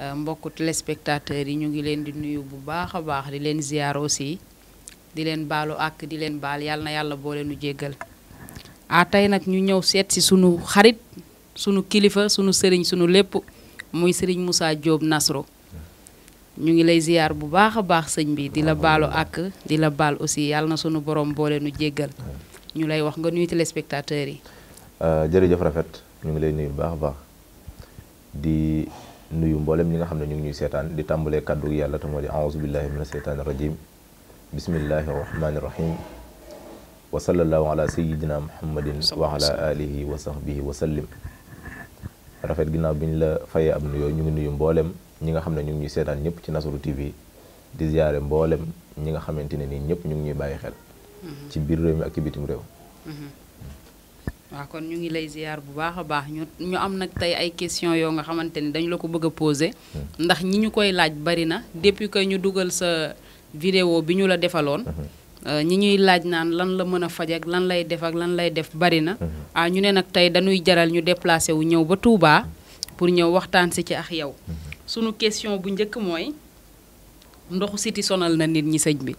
Euh, mbokku téléspectateurs yi ñu ngi leen di nuyu bu baax a baax di leen ziar aussi di leen baalu ak di leen baal yàlla na yàlla boole nu jéggal ah tey nag ñu ñëw seet si sunu xarit sunu kilifa sunu sëriñ sunu lépp muy sëriñ Moussa Diop Nasro ñu ngi lay ziar bu baax a baax sëñ bi di la baalu ak di la baal aussi yàlla na sunu borom boole nu jéggal ñu lay wax nga nuyu téléspectateurs yi. Euh, jërëjëf rafet ñu ngi lay nuyu bu baax a baax di. nuyu mboolem ñi nga xam ne ñu ngi ñuy seetaan di tàmbalee kàddu gi yàlla te moo di auzu billahi mina seytaani rajim bismillahi rahmaani rahim wa sallallahu ala sayidina muhammadin wa ala alihi wa sahbihi wa sallim rafet ginnaaw bi ñu la fayee ab nuyoo ñu ngi nuyu mboolem ñi nga xam ne ñu ngi ñuy seetaan ñëpp ci Nasru TV di ziare mboolem ñi nga xamante ne nii ñëpp ñu ngi ñuy bàyyi xel mm-hmm. ci biir réew mi ak ci bitim réew mm-hmm. waaw kon ñu ngi lay ziar bu baax a baax ñu ñu am nag tey ay question yoo nga xamante ni dañu la ko bëgg a hmm. ndax ñi ñu koy laaj bari na depuis que ñu dugal sa vidéo bi ñu la defaloon hmm. euh, ñi ñuy laaj naan lan la mën a faj ak lan lay def ak lan lay def bari na hmm. ah ñu ne nag tey dañuy jaral ñu déplacé wu ñëw ba Touba pour ñëw waxtaan si ci ak yow sunu question bu njëkk mooy ndoxu siti sonal na nit ñi sëñ bi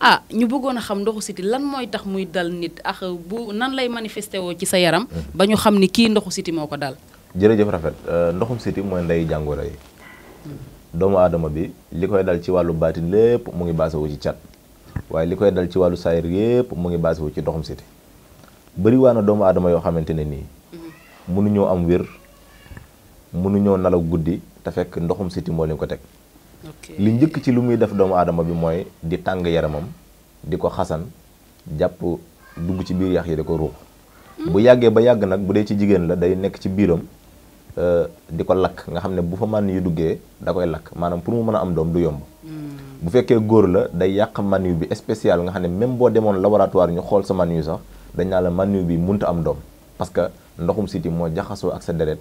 ah ñu bëggoon a xam ndoxu siti lan mooy tax muy dal nit ak bu nan lay manifesté woo ci sa yaram. Mm. ba ñu xam ni kii ndoxu siti moo ko dal. jërëjëf rafet euh, ndoxum siti mooy ndey jàngoro yi mm. doomu aadama bi li koy dal ci wàllu baatin lépp mu ngi baasewu ci cat waaye li koy dal ci wàllu saayir yépp mu ngi baasewu ci ndoxum siti bëri waa doomu aadama yoo xamante ne nii mm. mënuñoo am wér mënuñoo nalaw guddi te fekk ndoxum siti moo leen ko teg. li njëkk ci lu muy def doomu aadama bi mooy di tàng yaramam di ko xasan jàpp dugg ci biir yax yi di ko ruux hmm. bu yàggee ba yàgg nag bu dee ci jigéen la day nekk ci biiram euh, di ko lakk nga xam ne bu fa man yu duggee da koy lakk maanaam pour mu mën a am doom du yomb hmm. bu fekkee góor la day yàq man yu bi spécial nga xam ne même boo demoon laboratoire ñu xool sa man yu sax dañ naa la man yu bi munta am doom parce que ndoxum siti moo jaxasoo ak sa deret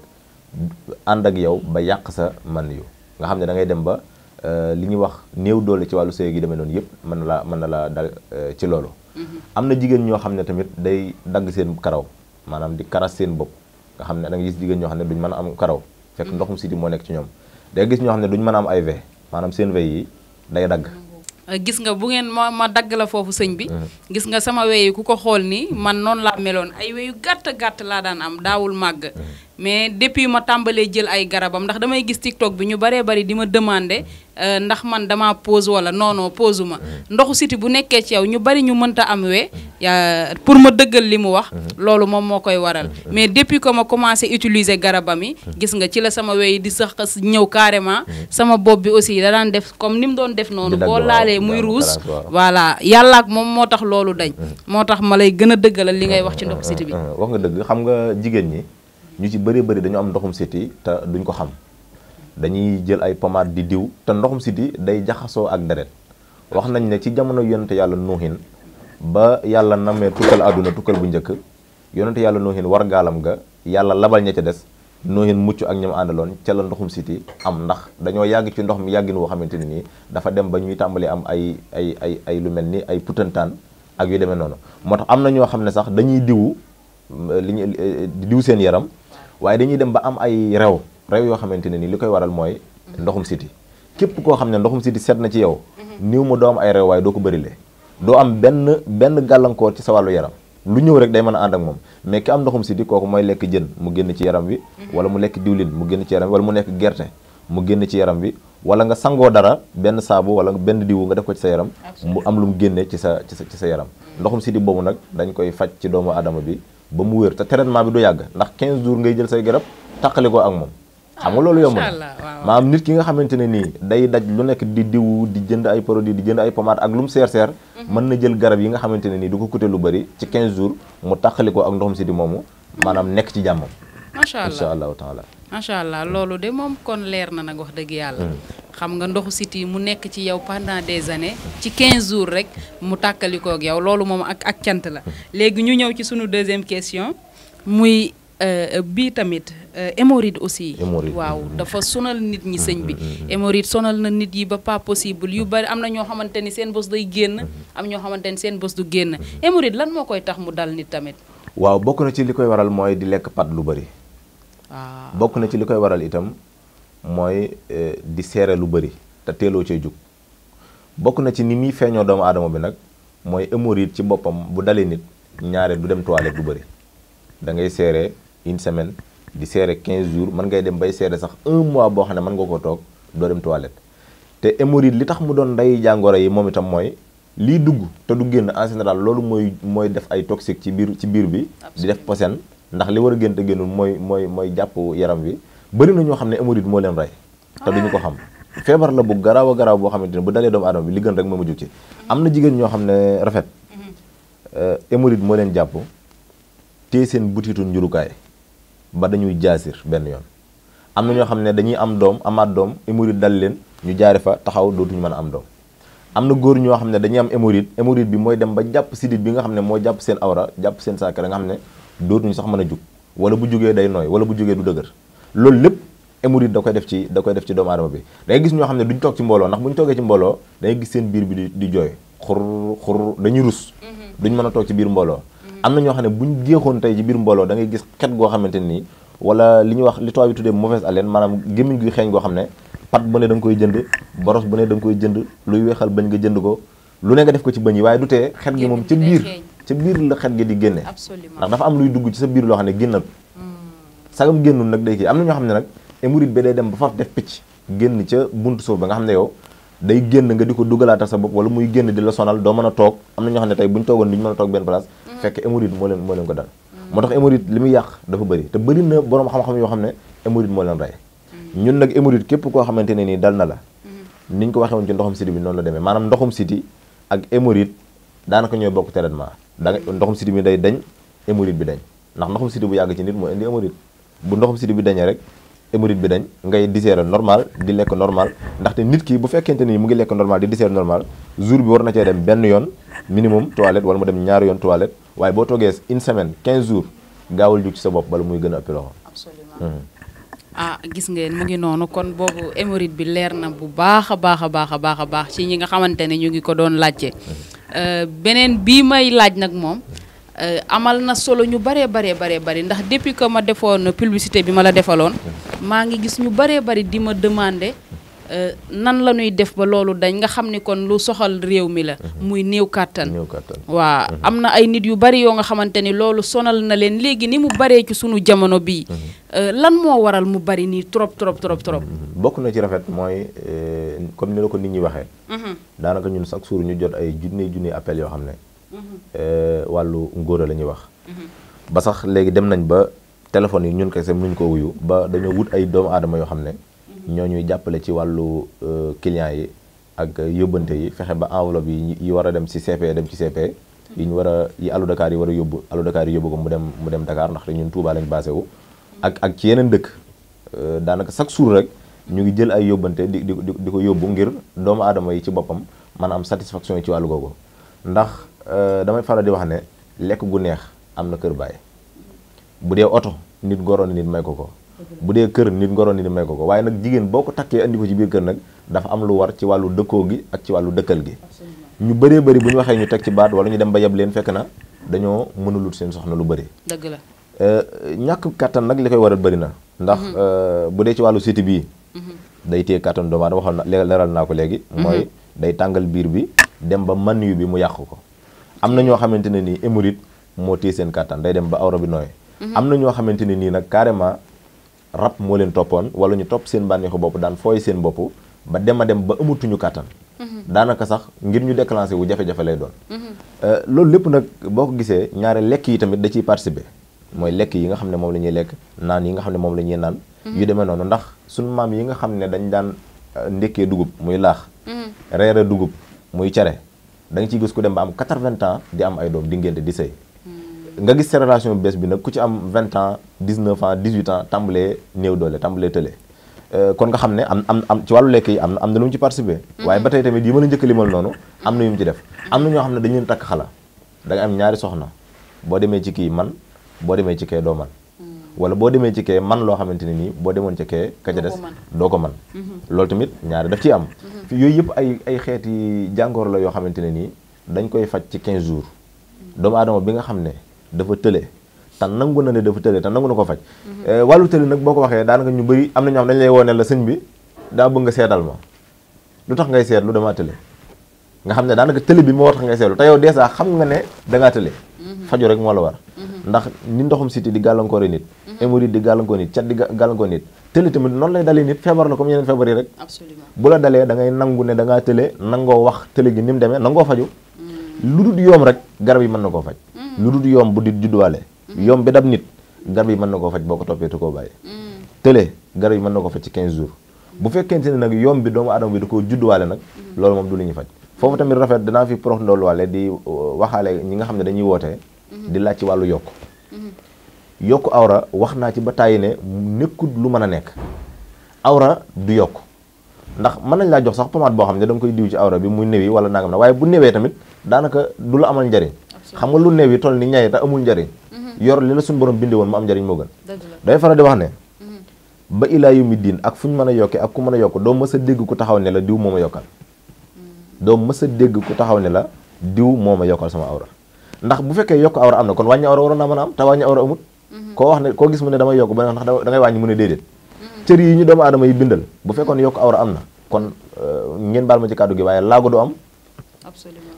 ànd ak yow ba yàq sa man yu nga xam ne da ngay dem ba Euh, li ñuy wax néew doole ci wàllu sëy gi demee noonu yëpp man na laa mën na laa dal euh, ci loolu. Mm-hmm. am na jigéen ñoo xam ne tamit day dagg seen karaw maanaam di karas seen bopp nga xam ne da nga gis jigéen ñoo xam ne duñ mën a am karaw. fekk mm-hmm. ndoxum siti moo gis ñoo xam ne duñ mën ay ve maanaam seen ve day dagg. Euh, gis nga bu ngeen ma ma dagg la foofu sëñ bi. Mm-hmm. gis nga sama weyi ku ko xool ni man noonu laa meloon ay weyu gàtt gàtt laa daan am daawul màgg. mais depuis ma tàmbalee jël ay garabam ndax damay gis TikTok bi ñu baree bari di ma demander. Euh, ndax man dama pause wala non non pause ma mhm. ndoxu siti bu nekkee ci yow ñu bari ñu mënta am wee pour ma dëggal li mu wax mhm. loolu moom moo koy waral mhm. mais depuis ko ma commencé utiliser garabam yi gis nga ci la sama wey di sax ñëw carrément sama bopp bi aussi da daan def comme ni mu doon def noonu boo laalee muy ruus voilà yàllaa ak moom moo tax loolu dañ moo tax ma lay gën a dëggalal li ngay wax ci ndoxu siti bi wax nga dëgg xam nga jigéen ñi ñu ci bëri bëri dañu am ndoxum siti duñ ko xam dañuy jël ay pommade di diw te ndoxum siti day jaxasoo ak deret wax nañ ne ci jamono yonente yàlla nuuhin ba yàlla namee tukkal àdduna tukkal bu njëkk yonente yàlla nuuhin war gaalam ga yàlla labal ña ca des nuuhin mucc ak ñoom àndaloon ca la ndoxum siti am ndax dañoo yàgg ci ndox mi yàggin woo xamante ne nii dafa dem ba ñuy tàmbali am ay ay ay ay lu mel ni ay putantaan ak yu demee noonu moo tax am na ñoo xam ne sax dañuy diwu li ñu diw seen yaram waaye dañuy dem ba am ay rew réew yoo xamante ne ni li koy waral mooy ndoxum siti képp koo xam ne ndoxum siti set na ci yow niw mu doo am ay réew waaye doo ko bërile doo am benn benn gàllankoor ci sa wàllu yaram lu ñëw rek day mën a ànd ak moom mais ki am ndoxum siti kooku mooy lekk jën mu génn ci yaram wi wala mu lekk diwlin mu génn ci yaram wi wala mu nekk gerte mu génn ci yaram bi wala nga sangoo dara benn saabu wala benn diwu nga def ko ci sa yaram mu am lu mu génnee ci sa ci ci sa yaram mm. ndoxum siti boobu nag dañ koy faj ci doomu aadama bi ba mu wér te bi du yàgg ndax 15 jours ngay jël say garab tàqalikoo ak moom xam nga loolu yomb na maanaam nit ki nga xamante ne nii day daj lu nekk di diw di jënd ay produit di jënd ay pommade ak lu mu seer seer mhm. mën na jël garab yi nga xamante ne nii du ko coûter lu bari ci quinze jours mu tàqali ko ak ndoxum si di moomu maanaam nekk ci jàmmam macha allahu taala macha allah loolu de moom kon leer na nag wax dëgg yàlla hmm. xam nga ndoxu siti mu nekk ci yow pendant des années ci 15 jours rek mu tàkkalikook yow loolu moom ak ak cant la hmm. léegi ñu ñëw ci sunu deuxième question muy euh, bii tamit Euh, hémorroïde aussi waaw mm-hmm. dafa sonal nit ñi sëñ bi mm-hmm. hémorroïde sonal na nit yi ba pas possible yu bari am na ñoo xamante ni seen bos day génn mm-hmm. am ñoo xamante ni seen bos du génn hémorroïde lan moo koy tax mu dal nit tamit waaw bokk na ci li koy waral mooy di lekk pat lu bëri waaw ah. bokk na ci li koy waral itam mooy eh, di seere lu bëri te teeloo cee jug bokk na ci ni muy feeñoo doomu aadama bi nag mooy hémorroïde ci boppam bu dalee nit ñaare du dem toilette lu bari da ngay seere une semaine di seere 15 jours man ngay dem bay seere sax 1 mois bo xamné man nga ko tok do dem toilette te hémorroïde li tax mu don nday jangoro yi momi tam moy li dugg té du génn en général lolu moy moy def ay toxique ci bir ci bir bi di def posen ndax li wara gënte gënul yarambi. moy moy japp yaram bi bari na ño xamné hémorroïde mo leen ray té duñu ko ah. xam fièvre la bu garaaw a bo boo bu dalé do adam bi li gën rek mo ma ci mm-hmm. amna jigen ño xamné rafet ne mm-hmm. euh, hémorroïde mo leen jàpp te seen njurukaay ba dañuy jaasir benn yoon am na ñoo xam ne dañuy am doom amaat doom hémorroïde dal leen ñu jaare fa taxaw dootuñu mën a am doom am na góor ñoo xam ne dañuy am hémorroïde hémorroïde bi mooy dem ba jàpp sidit bi nga xam ne moo jàpp seen awra jàpp seen saakara nga xam ne dootuñu sax mën jug wala bu jugee day nooy wala bu jugee du dëgër loolu lépp hémorroïde da koy def ci da koy def ci doomu aadama bi da gis ñoo xam ne duñ toog ci mbooloo ndax bu ñu toogee ci mbooloo da ngay gis seen biir bi di jooy xur xur dañu rus mm-hmm. duñ mën a toog ci biir mbooloo am na ñoo xam ne buñ géexoon tey ci biir mbooloo da gis xet goo xamante nii wala li ñuy wax li tubaab bi tuddee mauvaise haleine maanaam gémmiñ guy xeeñ goo xam ne pat bu koy jënd boros bu ne da nga jënd luy weexal bañ nga jënd ko lu ne nga def ko ci bañ waaye du tee xet gi moom ca biir ca biir la xet gi di génne ndax dafa am luy dugg ci sa biir loo xam ne génnal hmm. sagam génnul nag day kii am na ñoo xam ne nag émurit dem ba fa def picc génn ca buntu suuf ba nga xam ne yow day génn nga di ko dugalaatal sa bopp wala muy génn di la sonal doo mën a toog am na ñoo xam ne tey buñ toogoon duñ mën a toog benn place fekk hémorroïde moo leen ko dal moo tax hémorroïde li mu yàq dafa bari te bëri na borom xam-xam yoo xam ne hémorroïde moo leen rey ñun nag hémorroïde képp koo xamante ne nii dal na la niñ ko waxee woon ci ndoxum siti bi noonu la demee maanaam ndoxum siti ak hémorroïde daanaka ñooy bokk traitement da nga ndoxum siti bi day dañ hémorroïde bi dañ ndax ndoxum siti bu yàgg ci nit moo indi hémorroïde bu ndoxum siti bi dañee rek hémorroïde bi dañ ngay diseere normal di lekk normal ndaxte nit ki bu fekkente ni mu ngi lekk normal di diseere normal jour bi war na cee dem benn yoon minimum toilette wala mu dem ñaari yoon toilette waaye boo toogee une semaine 15 jours gaawul jug ci sa bopp bala muy gën a ëpp loxo. absolument. ah gis ngeen mu ngi noonu kon boobu hémorroïde bi leer na bu baax a baax a baax a baax a baax ci ñi nga xamante ne ñu ngi ko doon laajte mhm. euh, beneen bii may laaj nag moom. Euh, amal na solo ñu baree baree baree bari ndax depuis ko ma defoon publicité bi ma la defaloon maa ngi gis ñu baree bari di ma demander euh, nan la ñuy def ba loolu dañ nga xam ni kon lu soxal réew mi la mhm. muy néew kàttan waa mhm. am na ay nit yu bari yoo nga xamante ni loolu sonal na leen léegi ni mu baree ci sunu jamono bii mhm. euh, lan moo waral mu bari nii trop trop trop trop bokk na ci rafet mooy comme ni la ko nit ñi waxee daanaka ñun chaque jour ñu jot ay junni junni appel yoo xam ne Euh, wàllu ngóora la ñuy wax. ba sax léegi dem nañ ba téléphones yi ñun kay kese nuñ ko wuyu ba dañoo wut ay doomu aadama yoo xam ne. ñoo ñuy jàppale ci wàllu euh, clients yi ak yóbbante yi fexe ba enveloppe yi yi war a dem ci CP e, dem ci CP. E. yi ñu war a yi àllu Dakar yi war a yóbbu alu Dakar yi yóbbu ko mu dem mu dem Dakar ndax ñun Touba lañ basé wu. ak ak ci yeneen dëkk euh, daanaka chaque jour rek ñu ngi jël ay yóbbante di di di ko yóbbu ngir doomu aadama yi ci boppam maanaam satisfaction yi ci wàllu googu Euh, damay faral di wax ne lekk gu neex am na kër bàyyi bu dee oto nit ngoroon nit may ko ko bu dee kër nit ngoroon nit may ko ko waaye nag jigéen boo ko takkee andi ko ci biir kër nag dafa am lu war ci wàllu dëkkoo gi ak ci wàllu dëkkal gi ñu bëree bari bu ñu waxee ñu teg ci baat wala ñu dem ba yab leen fekk na dañoo mënulu seen soxna lu bari dëgg la euh, ñàkk kàttan nag li koy waral bari na ndax mhm. euh, bu dee ci wàllu siti bii mhm. day téye kàttan doomu aadama waxoon na leeral naa ko léegi mhm. mooy day tàngal biir bi dem ba man bi mu yàq ko am na ñoo xamante ne nii hémorroïde moo téye seen kàttan day dem ba awra bi mhm. am na ñoo xamante ne nii nag carrément rab moo leen toppoon wala ñu topp seen bànneexu bopp daan fooy seen bopp ba dem a dem ba amatuñu kàttan mhm. daanaka sax ngir ñu déclenché wu jafe-jafe lay doon mhm. euh, loolu lépp nag boo ko gisee ñaare lekk yi tamit da ciy participer mooy lekk yi nga xam ne moom la ñuy lekk naan yi nga xam ne moom la ñuy naan yu demee noonu ndax suñu maam yi nga xam ne dañ daan euh, ndekkee dugub muy laax dugub muy cere da nga ciy gis ku dem ba am 80 ans di am ay doom di ngénte di sëy nga gis sa relation bees bi nag ku ci am 20 ans 19 ans 18 ans tàmbalee néew doole tàmbalee tële euh, kon nga xam ne am am am ci wàllu lekk yi am na am na lu mu ci participé mm-hmm. waaye ba tey tamit yi mën a njëkk limal noonu am na yu mu ci def am na ñoo xam ne dañu leen takk xala da nga am ñaari soxna boo demee ci kii man boo demee ci kee doo wala boo demee ci kee man loo xamante ne nii boo demoon ci kee ka ca des doo ko man mhm. loolu tamit ñaari daf ciy am mhm. yooyu yëpp ay ay xeeti jàngoor la yoo xamante ne nii dañ koy faj ci 15 jours mhm. doomu aadama bi nga xam ne dafa tële te nangu na ne dafa tële te nangu na ko faj eh, wàllu tële nag boo ko waxee daanaka ñu bari am na ñoo xam dañ lay woo la sëñ bi daa bëgg nga seetal ma lu tax ngay lu damaa tële nga xam ne daanaka tële bi moo tax ngay seetlu te dèjà xam nga ne da faju rek moo la war ndax ni ndoxum siti di gàllankoore nit mu mhm. di gàllankoor nit cat di gàllankoor nit tële tamit noonu lay dalee nit feebar la comme yeneen feebar yi rek bu la dalee dangay ngay nangu ne da ngaa nangoo wax tële gi ni mu demee nangoo faju mhm. lu dul yoom rek garab yi mën na koo faj mhm. lu dul yoom bu di judduwaale yoom bi dam nit garab yi mën na koo faj boo ko toppee tu koo bàyyi tële garab yi mën na koo faj ci quinze jours bu fekkente ne nag yoom bi doomu adama bi da koo judduwaale nag loolu moom du lu ñuy faj foofu tamit danaa fi prox ndolluwaale di uh, waxaale ñi xam ne dañuy wootee di laaj ci wàllu yokk yokk awra wax naa ci ba tàyyi ne nekkul lu mën a nekk awra du yokk ndax mën nañ laa jox sax pommade boo xam ne da koy diw ci awra bi muy néwi wala nangam na waaye bu néwee tamit daanaka du la amal njariñ xam nga lu néew yi toll ni ñay te amul njariñ mm-hmm. yor li la suñ borom bindee woon mu am njariñ moo gën day faral di wax ne mm-hmm. ba ilaa yu mi diin ak fu ñu mën a yokkee ak ku mën a yokk doo mës a dégg ku taxaw ne la diw moom ma mm-hmm. doo mës a dégg ku taxaw ne la diw moo ma yokkal sama awra ndax bu fekkee yokk awra am na kon wàññi awra waroon naa mën a am te wàññi awra amut mhm. koo wax ne koo gis mu ne damay yokk ba ndax da ngay wàññi mu ne déedéet mhm. cër yi ñu doomu aadama yi bu fekkoon yokk awra am na kon euh, ngeen baal ma ci kàddu waaye laago du am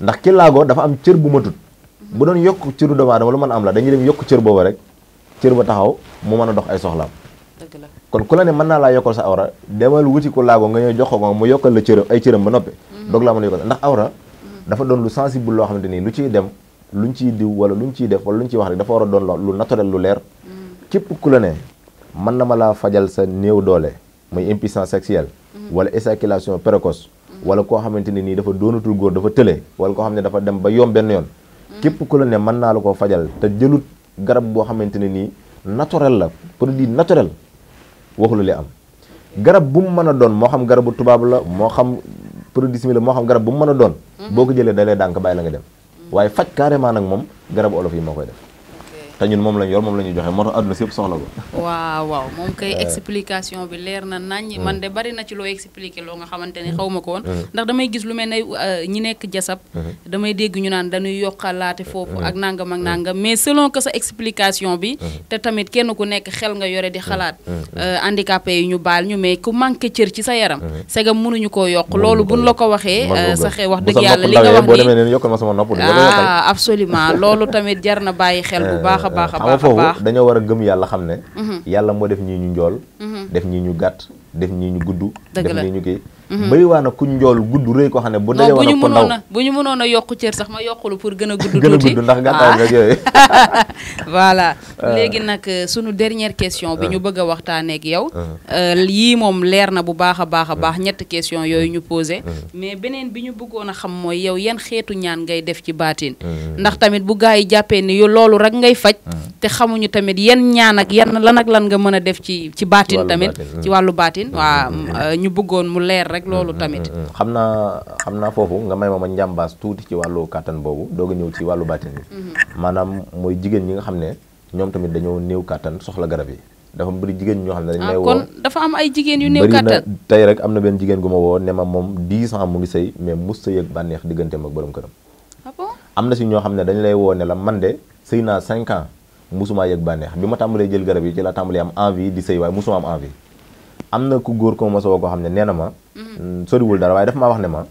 ndax ki laago dafa am cër bu matut mhm. bu doon yokk cëru doomu aadama lu mën a am la dañuy dem yokk cër booba rek cër ba taxaw mu mën a dox ay soxlaam kon ku la ne mën naa laa yokkal sa awra demal wuti ko laago nga ñëw jox ko mu yokkal la cëram ay cëram ba noppi doog laa mën a yokkal ndax awra dafa doon lu sensible loo xamante nii lu ciy dem luñ ci diw wala luñ ci def wala luñ ci wax rek dafa wara doon lu naturel lu leer képp ku la ne man na ma laa fajal sa néew doole muy impuissance sexuelle wala éjaculation précoce wala koo xamante ni dafa doonatul góor dafa tële wala koo xam ne dafa dem ba yom benn yoon képp ku la ne man naa la koo fajal te jëlut garab boo xamante ni naturel la produit naturel waxulu li am garab bu mu mën a doon moo xam garabu tubaab la moo xam produit simi la moo xam garab bu mu mën a doon boo ko jëlee da lay dànk bàyyi la nga dem waaye faj carrément nag moom garabu olof yi moo koy def te ñun moom lañ yor moom la eh. bi leer na nañ. Mm. man de bari na ci loo expliqué loo nga xamante ne mm. xaw ma ko mm. ndax damay gis lu mel ne euh, ñi nekk jasab. Mm-hmm. damay dégg ñu naan dañuy yokkalaate mm-hmm. foofu mm-hmm. ak nangam ak nangam mais selon que sa explication bi. te tamit kenn ku nekk xel nga yore di xalaat. Euh, handicapé yi ñu baal ñu mais ku manqué cër ci sa yaram. segam mënuñu koo yokk loolu buñ la ko waxee. Euh, sa xee wax dëgg yàlla li nga wax nii ah, absolument loolu tamit jar na bàyyi xel bu eh, baax a baax a foofu dañoo war a gëm yàlla xam ne mhm. yàlla moo def ñii ñu njool mhm. def ñii ñu gàtt def ñii ñu gudd def ñii ñu kii Mhm. bëri waa na ku njool gudd rëy koo xam ne bu dee woon bu ñu mënoon a bu ñu mënoon a yokku cër sax ma yokkulu pour gën a gudd gën a gudd ndax gàttaay ah. rek voilà euh. léegi nag euh, sunu dernière question bi euh. ñu bëgg a waxtaanee ak yow yii moom leer na bu baax a baax a baax ñetti question yooyu ñu posé mais beneen bi ñu bëggoon a xam mooy yow yan xeetu ñaan ngay def ci baatin ndax tamit bu gaa yi jàppee ni loolu rek ngay faj te xamuñu tamit yan ñaan ak yan lan ak lan nga mën a def ci ci baatin tamit ci wàllu baatin waa ñu bëggoon mu leer rek loolu mm, mm, tamit mm, xam naa xam naa foofu nga may ma ma njàmbaas tuuti ci wàllu kàttan boobu doog ñëw ci wàllu baatin bi mm-hmm. maanaam mooy jigéen ñi nga xam ne ñoom tamit dañoo néew kàttan soxla garab yi dafa bëri jigéen ñoo xam ne dañ ah, may dafa am ay jigéen yu tey rek am na benn jigéen gu ma woo ma moom 10 ans mu ngi sëy mais mus sa yëg bànneex digganteem ak borom këram ah am na si ñoo xam ne dañ lay woo la man de sëy naa 5 ans musumaa yëg bànneex bi ma tàmbalee jël garab yi ci la tàmbalee am envie di sëy waaye musuma am envie am na ku góor ko mosoo soo koo xam ne nee na ma Mm, soriwul dara waaye dafa maa wax ne ma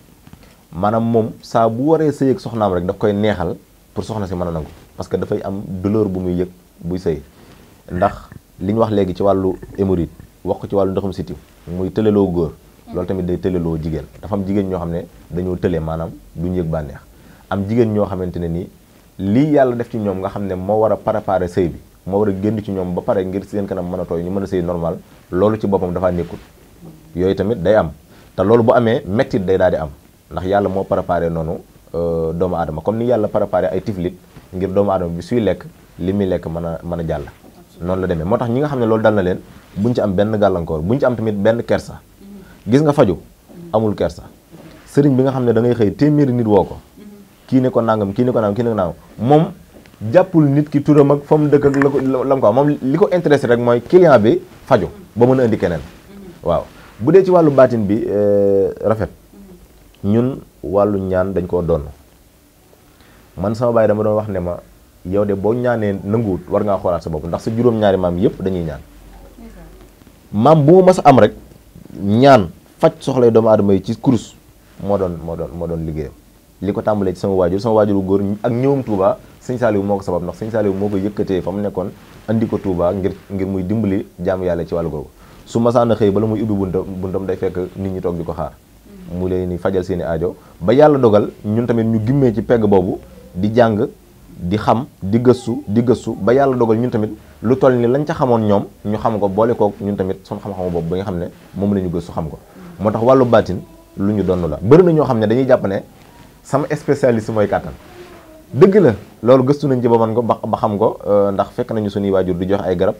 maanaam moom saa bu waree sëy ak soxnaam rek daf koy neexal pour soxna si mën a nangu parce que dafay am douleur bu muy yëg buy sëy ndax li ñu wax léegi ci wàllu hémorroïde wax ko ci wàllu ndoxum siti muy tëleloo góor loolu tamit day tëleloo jigéen dafa am jigéen ñoo xam ne dañoo tële maanaam du ñu yëg bànneex am jigéen ñoo xamante ne nii lii yàlla def ci ñoom nga xam ne moo war a préparer sëy bi moo war a génn ci ñoom ba pare ngir seen kanam mën a tooy ñu mën a sëy normal loolu ci boppam dafaa nekkul yooyu tamit day am te loolu bu amee mettit day daal am ndax yàlla moo préparé noonu euh, doomu aadama comme ni yàlla préparé ay tiflit ngir doomu aadama bi suy lekk li muy lekk mën a mën a jàll. noonu la demee moo tax ñi nga xam ne loolu dal na leen buñ ci am benn gàllankoor buñ ci am tamit benn kersa gis nga faju amul kersa sëriñ bi nga xam ne da ngay xëy téeméeri nit woo ko kii ne ko nangam kii ne ko nangam kii ne moom jàppul nit ki turam ak fa mu dëkk ak la ko la ko moom li ko intéressé rek mooy client bi faju ba mën a indi keneen bu dee ci wàllu baatin bi euh, rafet ñun wàllu ñaan dañ koo doon man sama baay dama doon wax ne ma yow de boo ñaanee nanguwut war ngaa xoolaat sa bopp ndax sa juróom-ñaari maam yëpp dañuy ñaan maam bu ma mës am rek ñaan faj soxlay doomu aadama yi ci kurus moo doon moo doon moo doon liggéeyam li ko tàmbalee ci sama waajur sama waajur bu góor ak ñëwam Touba sëñ Saliou moo ko sabab ndax sëñ Saliou moo ko yëkkatee fa mu nekkoon andi ko Touba ngir ngir muy dimbali jaamu yàlla ci wàllu googu su masaan a xëy bala muy ubbi buntam buntam day fekk nit ñi toog di ko xaar mm-hmm. mu leen ni fajal seeni ajo ba yàlla dogal ñun tamit ñu gimmee ci pegg boobu di jàng di xam di gëstu di gëstu ba yàlla dogal ñun tamit lu toll ni lañ ca xamoon ñoom ñu xam ko boole kook ñun tamit suñ xam boobu ba nga xam ne moom la ñu gëstu xam ko mm-hmm. moo tax wàllu baatin lu ñu donn la bëri na ñoo xam ne dañuy jàpp ne sama spécialiste mooy kàttan dëgg la loolu gëstu nañ ci ba man ko ba xam ko euh, ndax fekk nañu suñuy waajur di jox ay garab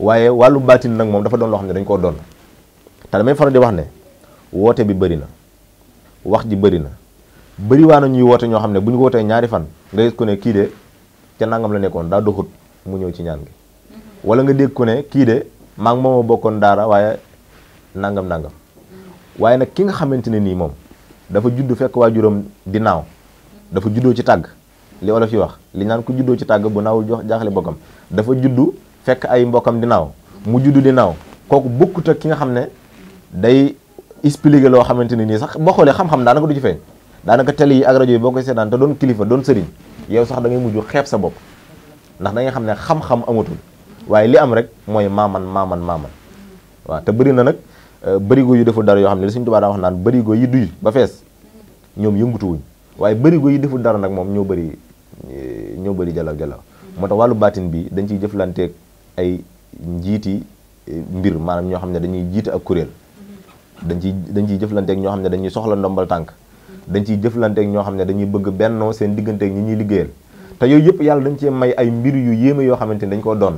waaye wàllu baatin nag moom dafa doon loo xam ne dañ koo doon te damay faral di wax ne woote bi bëri na wax ji bëri na bëri waa na ñuy woote ñoo xam ne bu ñu ko wootee ñaari fan nga gis ku ne kii de ca nangam la nekkoon daa doxut mu ñëw ci ñaan gi mm-hmm. wala nga dégg ku ne kii de maa ngi moom a bokkoon daara waaye nangam nangam mm-hmm. waaye nag ki nga xamante ne nii moom dafa juddu fekk waajuram di naaw dafa juddoo ci tàgg li olof yi wax li ñaan ku juddoo ci tàgg bu naawul jox jaaxle bokkam dafa juddu. fekk ay mbokkam di naaw mu du di naaw kooku bokkut ak ki nga xam ne day expliquer loo xamante ne nii sax boo xoolee xam-xam daanaka du ci feeñ daanaka télé yi ak yi boo koy seetaan te doon kilifa doon sëriñ yow sax da ngay mujj xeeb sa bopp ndax da nga xam ne xam-xam amatul waaye li am rek mooy maaman maaman maaman waaw te bari na nag euh, bërigo yu deful dara yoo xam ne da suñu tubaab daa wax naan bërigo yi duy ba fees ñoom yëngutuwuñ waaye bërigo yi deful dara nag moom ñoo bëri ñoo bëri jalaw jalaw moo wàllu baatin bi dañ ciy jëflanteeg ay njiiti eh, mbir maanaam ñoo xam ne dañuy jiite ak kuréel dañ ciy dañ ciy jëflanteeg ñoo xam ne dañuy soxla ndombal tànk dañ ciy jëflanteeg ñoo xam ne dañuy bëgg bennoo seen digganteeg ñi ñuy liggéeyal te yooyu yëpp yàlla dañ cee may ay mbir yu yéeme yoo xamante ni dañ koo doon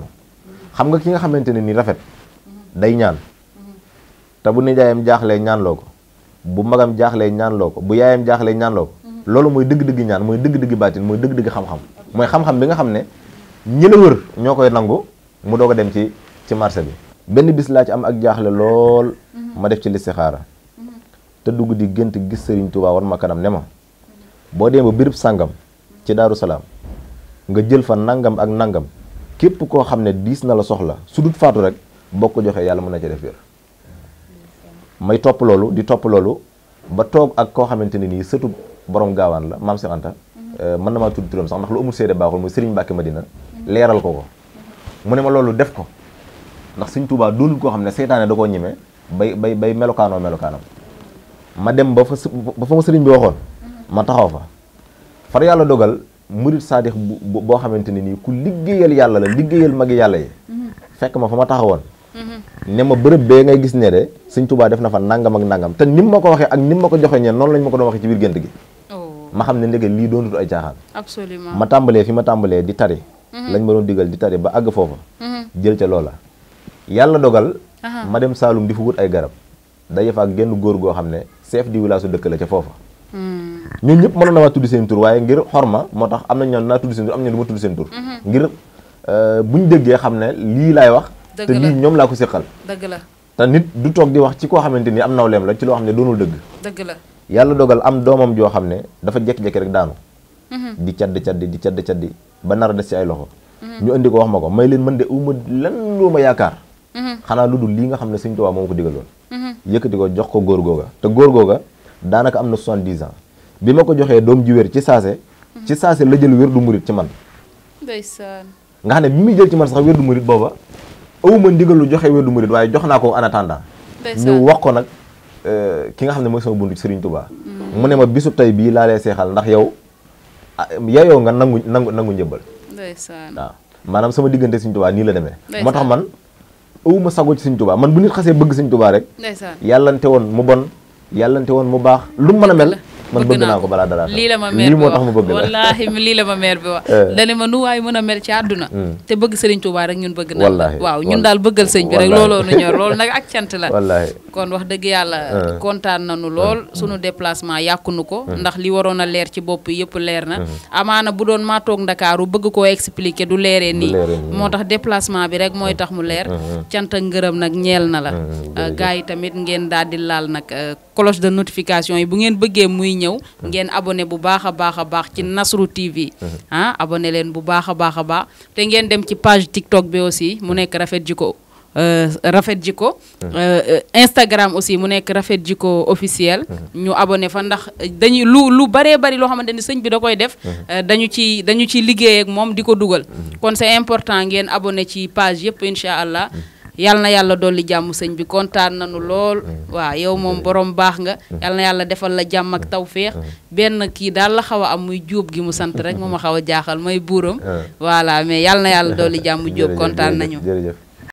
xam nga ki nga xamante ne ni rafet day ñaan te bu nijaayam jaaxlee ñaan loo ko bu magam jaaxlee ñaan loo ko bu yaayam jaaxlee ñaan ko loolu mooy dëgg-dëgg ñaan mooy dëgg-dëgg baatin mooy dëgg-dëgg xam-xam mooy xam-xam bi nga xam ne ñi la wër ñoo koy nangu mu doog a dem ci ci marché bi benn bis laa ci am ak jaaxle lool mm-hmm. ma def ci listixaara mm-hmm. te dugg di gént gis sëriñ Tuubaa war ma kanam ne ma boo dee ba birib sàngam ci Daaru Salaam nga jël fa nangam ak nangam képp koo xam ne diis na la soxla su dut faatu rek boo ko joxee yàlla mën na ci def wér may topp loolu di topp loolu ba toog ak koo xamante ne nii sëtu borom gaawaan la maam si mm-hmm. eh, mën na maa tudd turam sax ndax lu amul seede baaxul muy Serigne Mbacke Madina leeral ko ko mu ne ma loolu def ko ndax suñ Tuubaa doonul koo xam ne seytaane da koo ñeme bay bay bay melokaanoo melokaanam ma dem ba fa ba fa ma sëriñ bi waxoon ma taxaw fa far yàlla dogal murit saadix bu boo xamante ne nii ku liggéeyal yàlla la liggéeyal magi yàlla fekk ma fa ma taxawoon ne ma bërëb bee ngay gis ne de Sëñ Tuubaa def na fa te nim ma ko waxee ak nim ma ko joxee ñeen noonu lañ ma ko doon waxee ci biir gént gi oh. ma xam ne ndege lii doonut ay caaxaan absolument ma tàmbalee fi ma tàmbalee di tari Mhm. lañ ma doon digal di tari ba àgg foofa mhm. jël ca loola yàlla dogal ma dem Saalum di fa wut ay garab daje fa ak genn góor goo xam ne chef di wilaasu dëkk la ca foofa hmm. ñun ñëpp mënoon na maa tudd seen tur waaye ngir ma moo tax am na ñoon naa tudd seen tur am na ñu du mhm. ngir euh, buñ déggee xam ne lii laay wax te lii ñoom laa ko séqal dëgg la te nit du toog di wax ci koo xamante ni am nawleem la ci loo xam ne doonul dëgg dëgg la yàlla dogal am doomam joo xam ne dafa jekki-jekki rek daanu di cadd cadd di cadd caddi ba nara a des ci ay loxo ñu indi ko wax ma ko may leen mën de uma lan lu ma yaakaar mhm. xanaa lu dul lii nga xam ne Sëñ Tuubaa moom ko digaloon mhm. yëkkati ko jox ko góor googa te góor googa daanaka am na soixante-dix ans bi ma ko joxee doom ji ci saase mhm. ci saase la jël wér du murit ci man ndeysaan nga xam ne bi mu jël ci man sax wér du murit booba awuma ndigal lu joxe wér du murit waaye jox naa ko en ñu wax ko nag euh, ki nga xam ne mooy sama bunt Sëriñ Tuubaa mu ne ma bisu tey bii laa lay seexal ndax yow Ah, yayoo nga nangu nangu nangu njëbbal waaw maanaam sama diggante Sëñ Tuubaa nii la demee moo tax man awuma sago ci Sëñ Tuubaa man bu nit xasee bëgg Sëñ Tuubaa rek yàllante woon mu bon yàllante woon mu baax lu mu mën a mel man bëgg naa ko balaa dara lii la ma lii la ma mère bi wax eh. dane ma nu waay mën a mel ci àdduna hmm. te bëgg sëriñ Tuubaa rek ñun bëgg na waaw ñun daal bëggal sëñ bi rek looloo nu ñor loolu nag ak cant la kon wax dëgg yàlla eh. kontaan nañu lool eh. sunu déplacement nu ko ndax li waroon a leer ci bopp yëpp leer na amaana bu doon maa toog Ndakaaru bëgg koo expliquer du leeree nii moo tax déplacement bi rek mooy tax mu leer cant ak ngërëm nag ñeel na la yi tamit ngeen daal di laal nag cloche de notification yi bu ngeen bëggee muy ñëw ngeen abonné bu baax a baax a baax ci Nasrou TV ah abonné leen bu baax a baax a baax te ngeen dem ci page TikTok bi aussi mu nekk rafet jiko euh, rafet jiko euh, euh, Instagram aussi mu nekk rafet jiko officiel ñu abonné fa ndax dañuy lu lu bëree bëri loo xamante ni sëñ bi da koy def dañu ci dañu ci liggéey ak moom di ko dugal kon c'est important ngeen abonné ci page yëpp incha allah yal na yàlla dolli jàmm sëñ bi kontaan nañu lool mm. waaw yow moom mm. borom baax nga mm. yal na yàlla defal la jàmm ak tawféex benn kii daal la xaw a am muy jóob gi mu sant rek moom ma xaw a jaaxal may buuram waalaa ah. mais yal yàlla dolli jàmm jóob kontaan nañu